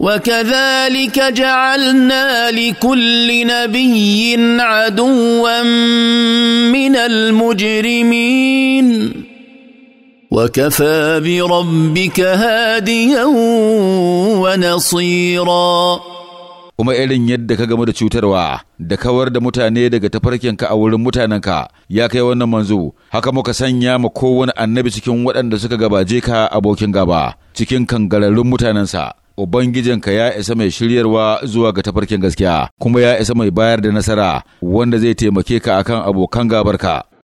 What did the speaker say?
وكذلك جعلنا لكل نبي عدوا من المجرمين وكفى بربك هاديا ونصيرا kuma irin yadda ka gama da cutarwa da kawar da mutane daga tafarkinka a wurin mutanenka ya kai wannan manzo haka muka sanya ma kowane annabi cikin waɗanda suka gabaje ka abokin gaba cikin kangararrun mutanensa Ubangijinka ya isa mai shiryarwa zuwa ga tafarkin gaskiya, kuma ya isa mai bayar da nasara wanda zai taimake ka akan abokan gabarka.